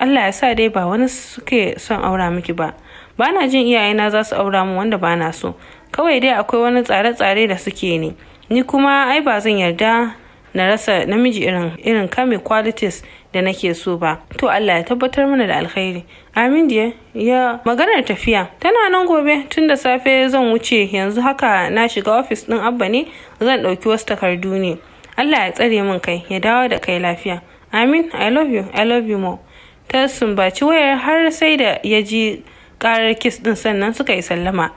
Allah ya sa dai ba wani suke son aura miki ba ba na jin iyayena za su aura mu wanda ba na so kawai dai akwai wani tsare-tsare da suke ne ni kuma ai ba zan yarda na rasa namiji irin irin kame qualities da nake so ba to Allah ya tabbatar mana da alkhairi Amin diya, ya maganar tafiya. Tana nan gobe tun da safe zan wuce yanzu haka na shiga ofis ɗin Abba ne zan ɗauki wasu takardu ne. Allah ya tsare min kai ya dawo da kai lafiya. Amin, I love you, I love you more. Ta sumbaci wayar har sai da ya ji karar kis din sannan suka yi sallama.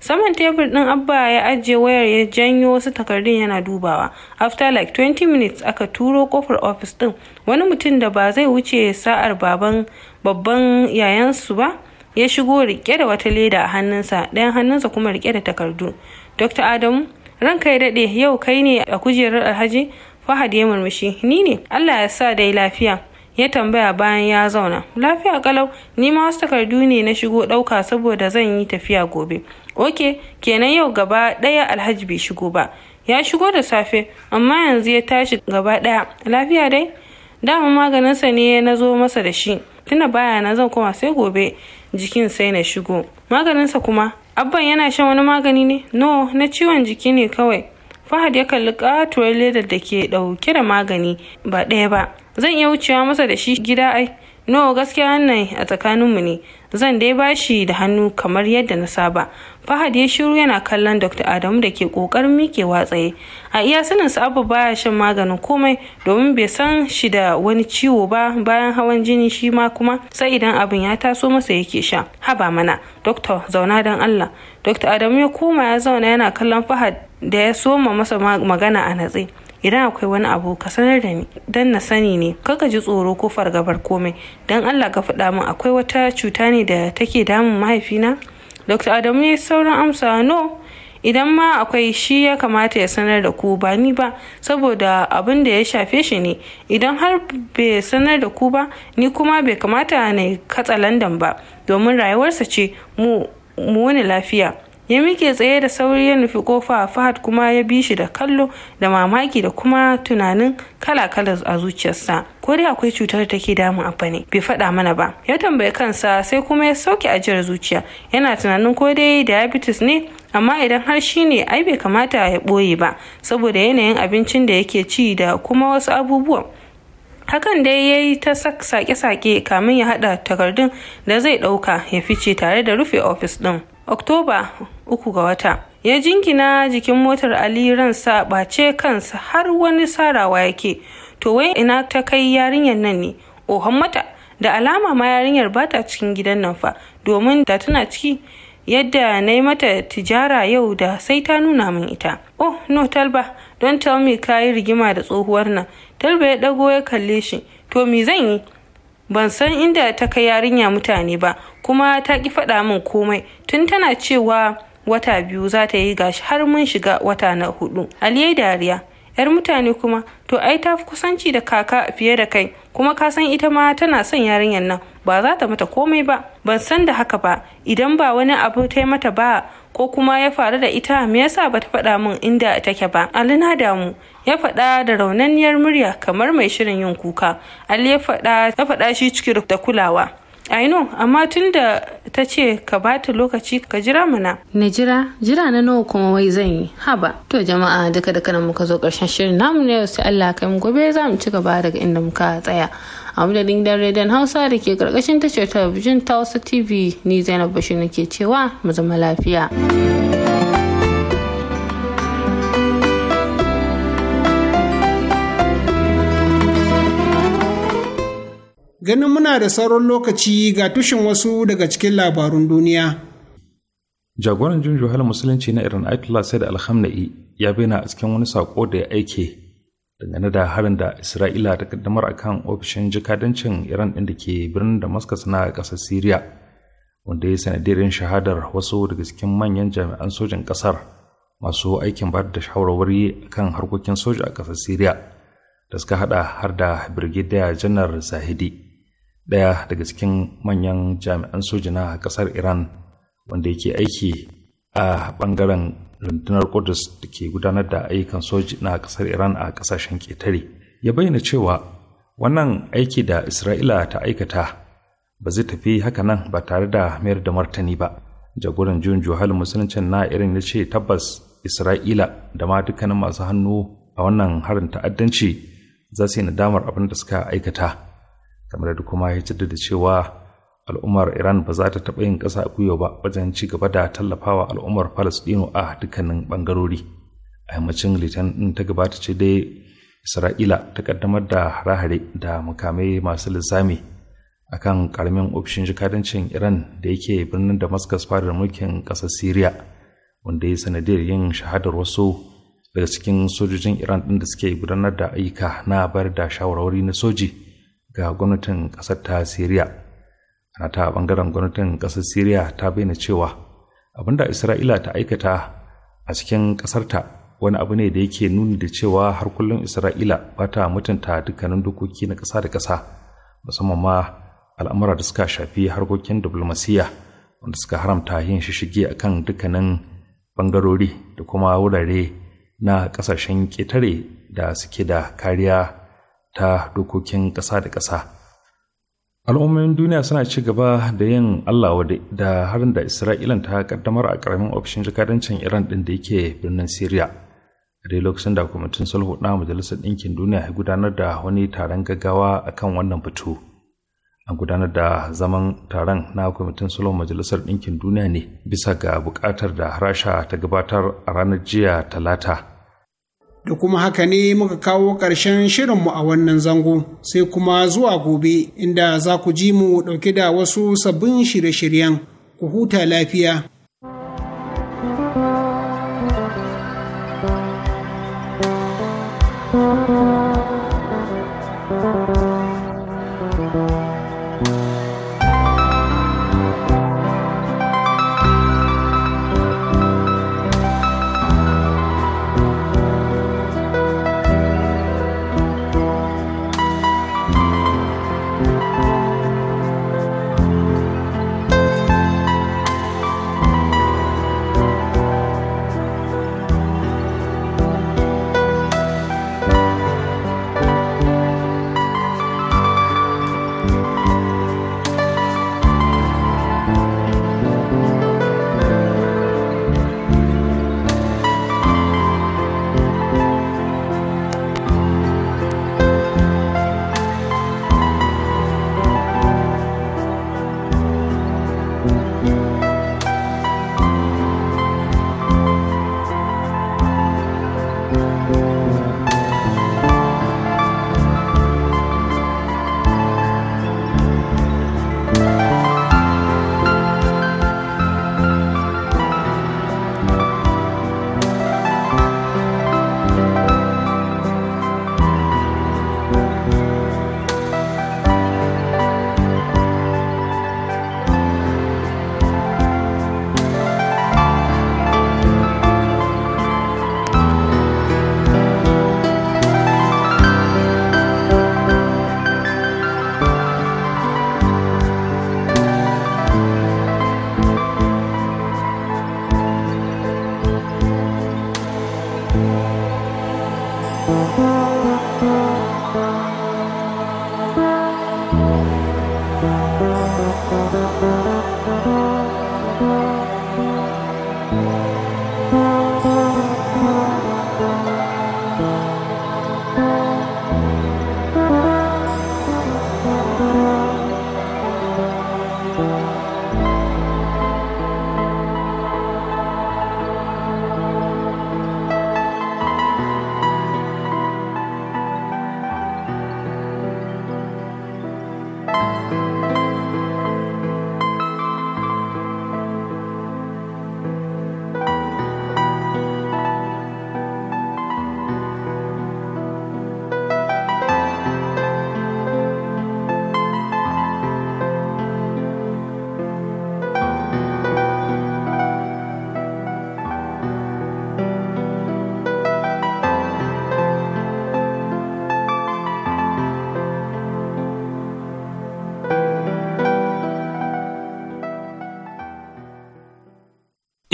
Saman tebur din Abba ya ajiye wayar ya janyo wasu takardun yana dubawa. After like 20 minutes aka turo kofar ofis ɗin wani mutum da ba zai wuce sa'ar baban babban yayansu ba ya shigo rike da wata leda a hannunsa ɗayan hannunsa kuma rike da takardu dr adamu ranka ya daɗe yau kai ne a kujerar alhaji fahad ya murmushi ni ne allah ya sa dai lafiya ya tambaya bayan ya zauna lafiya kalau ni ma wasu takardu ne na shigo ɗauka saboda zan yi tafiya gobe ok kenan yau gaba ɗaya alhaji bai shigo ba ya shigo da safe amma yanzu ya tashi gaba ɗaya lafiya dai dama sa ne na zo masa da shi tuna baya na zan koma sai gobe jikin sai na shigo maganinsa kuma abban yana shan wani magani ne no na ciwon jiki ne kawai fahad ya kalli katuwar ledar da ke dauke da magani ba ɗaya ba zan iya wucewa masa da shi gida ai no gaskiya wannan a tsakaninmu ne zan dai bashi da hannu kamar yadda na saba fahad ya shiru yana kallon dr adamu da ke kokarin mikewa tsaye a iya sanin su abu baya shan maganin komai domin bai san shi da wani ciwo ba bayan hawan jini shi ma kuma sai idan abin ya taso masa yake sha haba mana Dr. zauna don allah dr adamu ya koma ya zauna yana kallon fahad da ya soma masa magana a natse idan akwai wani abu ka sanar da ni dan na sani ne kaka ji tsoro ko fargabar komai dan allah ka faɗa min akwai wata cuta ne da take damun mahaifina dr adamu ya sauran amsa no idan ma akwai shi ya kamata ya sanar da ku ba ni ba saboda abin da ya shafe shi ne idan har bai sanar da ku ba ni kuma bai kamata na katsa landan ba domin rayuwarsa ce mu wani lafiya ya mike tsaye da sauri ya nufi kofa fahad kuma ya bi shi da kallo da mamaki da kuma tunanin kala-kala a zuciyarsa ko dai akwai cutar da take damun abba ne bai faɗa mana ba ya tambayi kansa sai kuma ya sauke ajiyar zuciya yana tunanin ko dai diabetes ne amma idan har shi ne ai bai kamata ya ɓoye ba saboda yanayin abincin da yake ci da kuma wasu abubuwan hakan dai ya yi ta sake-sake kamin ya haɗa takardun da zai ɗauka ya fice tare da rufe ofis ɗin oktoba uku ga wata ya jingina jikin motar ali ransa ɓace kansa har wani sarawa yake to wai ina ta kai yarinyar nan ne ohon mata da alama ma yarinyar ba ta cikin gidan nan fa domin da tana ciki yadda na yi mata tijara yau da sai ta nuna min ita oh no talba don tell me ka yi rigima da tsohuwar nan talba ya ɗago ya kalle shi to me zan yi ban san inda ta kai yarinya mutane ba kuma ta ki faɗa min komai tun tana cewa wata biyu za ta yi gashi har mun shiga wata na hudu aliyai dariya yar mutane kuma to ai ta fi kusanci da kaka fiye da kai kuma ka san ita ma tana son yarinyar nan ba za ta mata komai ba ban san da haka ba idan ba wani abu ta yi mata ba ko kuma ya faru da ita me yasa ba ta faɗa min inda take ba ali na damu ya faɗa da raunanniyar murya kamar mai shirin yin kuka ali ya faɗa shi cikin da kulawa I know, amma tun da ta ce ka bata lokaci ka jira mana. Na jira, jira na nawa kuma wai zan yi. Haba, to jama'a duka da kanan muka zo karshen shirin namu na yau sai Allah kai mu gobe za mu ci gaba daga inda muka tsaya. A madadin gidan rediyon Hausa da ke karkashin tashar talabijin ta wasu TV ni Zainab Bashir nake cewa mu zama lafiya. ganin muna da sauran lokaci ga tushen wasu daga cikin labarun duniya. Jagoran jin musulunci na Iran Ayatollah Said Alhamna'i ya bayyana a cikin wani sako da ya aike dangane da harin da Isra'ila ta kaddamar akan ofishin jikadancin Iran ɗin da ke birnin Damascus na ƙasar Siriya wanda ya sanadirin shahadar wasu daga cikin manyan jami'an sojin ƙasar masu aikin ba da shawarwari kan harkokin soja a ƙasar Siriya da suka haɗa har da Birgidiya Janar Zahidi. ɗaya daga cikin manyan jami'an sojina na ƙasar iran wanda yake aiki a ɓangaren rundunar kudus da ke gudanar da ayyukan soji na ƙasar iran a ƙasashen ƙetare ya bayyana cewa wannan aiki da isra'ila ta aikata ba zai tafi haka nan ba tare da mayar da martani ba jagoran jun juhal musuluncin na irin ya ce tabbas isra'ila da ma dukkanin masu hannu a wannan harin ta'addanci za su yi nadamar abin da suka aikata kamar da kuma ya jaddada cewa al'ummar iran ba za ta taɓa yin ƙasa gwiwa ba wajen ci gaba da tallafawa al'ummar palestino a dukkanin ɓangarori a yammacin litan ɗin ta gabata ce dai isra'ila ta ƙaddamar da hare-hare da mukamai masu lissami a kan ƙaramin ofishin jikadancin iran da yake birnin damascus fadar mulkin ƙasar syria wanda ya sanadiyar yin shahadar wasu daga cikin sojojin iran ɗin da suke gudanar da ayyuka na bayar da shawarwari na soji ga gwamnatin ƙasar ta Siriya. Ana ta ɓangaren gwamnatin ƙasar Siriya ta bayyana cewa da Isra'ila ta aikata a cikin ƙasarta wani abu ne da yake nuni da cewa har kullum Isra'ila ba ta mutunta dukkanin dokoki na ƙasa da ƙasa musamman ma al'amura da suka shafi harkokin diplomasiyya wanda suka haramta yin shishige a kan dukkanin bangarori da kuma wurare na ƙasashen ƙetare da suke da kariya ta dokokin ƙasa da ƙasa al'ummomin duniya suna ci gaba da yin allah wade da harin da isra'ilan ta kaddamar a ƙaramin ofishin jikadancin iran ɗin da yake birnin Siriya. a dai lokacin da kwamitin sulhu na majalisar ɗinkin duniya ya gudanar da wani taron gaggawa a kan wannan batu an gudanar da zaman taron na kwamitin sulhun majalisar ɗinkin duniya ne bisa ga buƙatar da rasha ta gabatar a ranar jiya talata da kuma haka ne muka kawo ƙarshen shirinmu a wannan zango sai kuma zuwa gobe inda za ku ji mu ɗauke da wasu sabbin shirye-shiryen ku huta lafiya